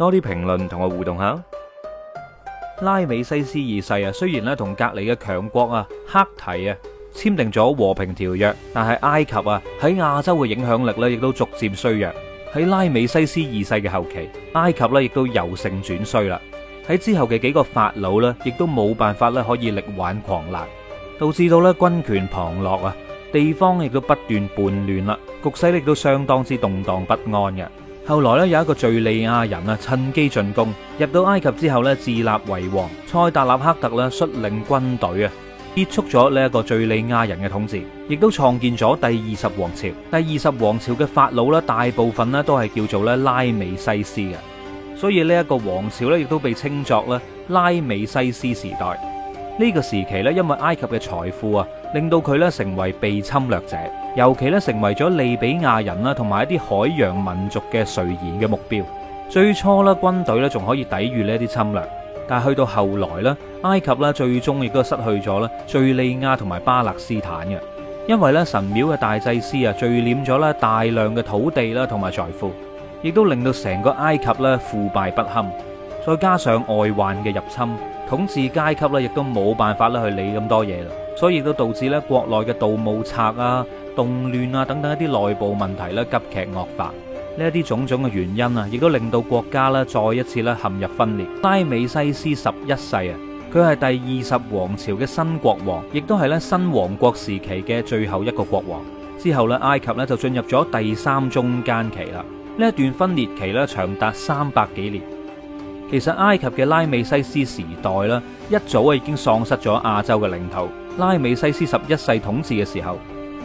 多啲評論同我互動下。拉美西斯二世啊，雖然咧同隔籬嘅強國啊赫梯啊簽訂咗和平條約，但係埃及啊喺亞洲嘅影響力咧亦都逐漸衰弱。喺拉美西斯二世嘅後期，埃及咧亦都由盛轉衰啦。喺之後嘅幾個法老咧，亦都冇辦法咧可以力挽狂瀾，導致到咧軍權旁落啊，地方亦都不斷叛亂啦，局勢亦都相當之動盪不安嘅。後來咧有一個敘利亞人啊，趁機進攻，入到埃及之後咧，自立為王。塞達納克特咧率領軍隊啊，結束咗呢一個敘利亞人嘅統治，亦都創建咗第二十王朝。第二十王朝嘅法老咧，大部分咧都係叫做咧拉美西斯嘅，所以呢一個王朝咧，亦都被稱作咧拉美西斯時代。呢個時期咧，因為埃及嘅財富啊，令到佢咧成為被侵略者，尤其咧成為咗利比亞人啦，同埋一啲海洋民族嘅垂涎嘅目標。最初咧，軍隊咧仲可以抵禦呢啲侵略，但係去到後來咧，埃及咧最終亦都失去咗咧敘利亞同埋巴勒斯坦嘅，因為咧神廟嘅大祭司啊，聚斂咗咧大量嘅土地啦，同埋財富，亦都令到成個埃及咧腐敗不堪。再加上外患嘅入侵，統治階級咧亦都冇辦法咧去理咁多嘢啦，所以亦都導致咧國內嘅盜墓賊啊、動亂啊等等一啲內部問題咧急劇惡化。呢一啲種種嘅原因啊，亦都令到國家呢再一次咧陷入分裂。拉美西斯十一世啊，佢係第二十王朝嘅新國王，亦都係咧新王國時期嘅最後一個國王。之後咧，埃及呢就進入咗第三中間期啦。呢一段分裂期呢，長達三百幾年。其實埃及嘅拉美西斯時代啦，一早啊已經喪失咗亞洲嘅領土。拉美西斯十一世統治嘅時候，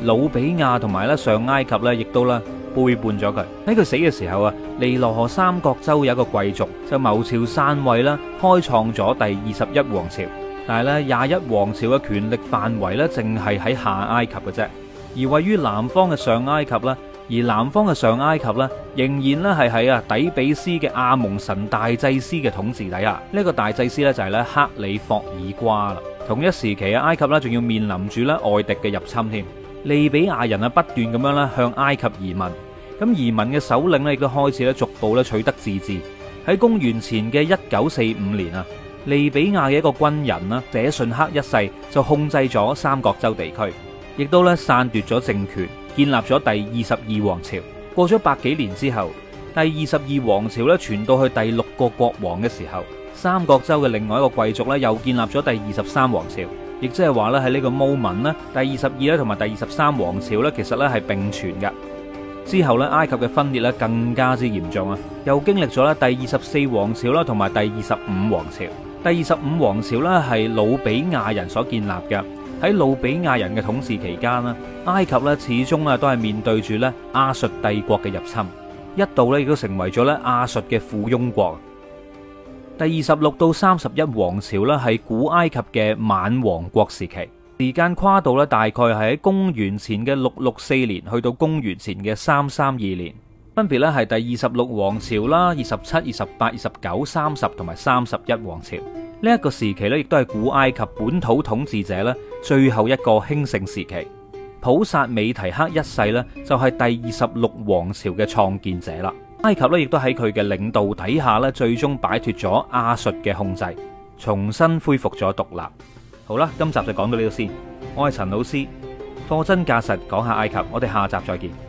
努比亞同埋咧上埃及咧，亦都咧背叛咗佢。喺佢死嘅時候啊，尼羅河三角洲有一個貴族就謀朝篡位啦，開創咗第二十一王朝。但係咧廿一王朝嘅權力範圍咧，淨係喺下埃及嘅啫，而位於南方嘅上埃及咧。而南方嘅上埃及呢，仍然呢，係喺啊底比斯嘅阿蒙神大祭司嘅統治底下。呢、這個大祭司呢，就係咧克里霍爾瓜啦。同一時期啊，埃及呢，仲要面臨住咧外敵嘅入侵添。利比亞人啊不斷咁樣咧向埃及移民。咁移民嘅首領呢，亦都開始咧逐步咧取得自治。喺公元前嘅一九四五年啊，利比亞嘅一個軍人呢，謝遜克一世就控制咗三角洲地區，亦都咧散奪咗政權，建立咗第二十二王朝，過咗百幾年之後，第二十二王朝咧傳到去第六個國王嘅時候，三角洲嘅另外一個貴族咧又建立咗第二十三王朝，亦即係話咧喺呢個 moment 第二十二咧同埋第二十三王朝咧其實咧係並存嘅。之後咧埃及嘅分裂咧更加之嚴重啊，又經歷咗咧第二十四王朝啦同埋第二十五王朝。第二十五王朝咧係努比亞人所建立嘅。喺努比亞人嘅統治期間啦，埃及咧始終啊都係面對住咧亞述帝國嘅入侵，一度咧亦都成為咗咧亞述嘅附庸國。第二十六到三十一王朝啦，係古埃及嘅晚王國時期，時間跨度咧大概係喺公元前嘅六六四年去到公元前嘅三三二年，分別咧係第二十六王朝啦、二十七、二十八、二十九、三十同埋三十一王朝。27, 28, 29, 呢一個時期咧，亦都係古埃及本土統治者咧最後一個興盛時期。普薩美提克一世咧就係第二十六王朝嘅創建者啦。埃及咧亦都喺佢嘅領導底下咧，最終擺脫咗亞述嘅控制，重新恢復咗獨立。好啦，今集就講到呢度先。我係陳老師，貨真價實講下埃及。我哋下集再見。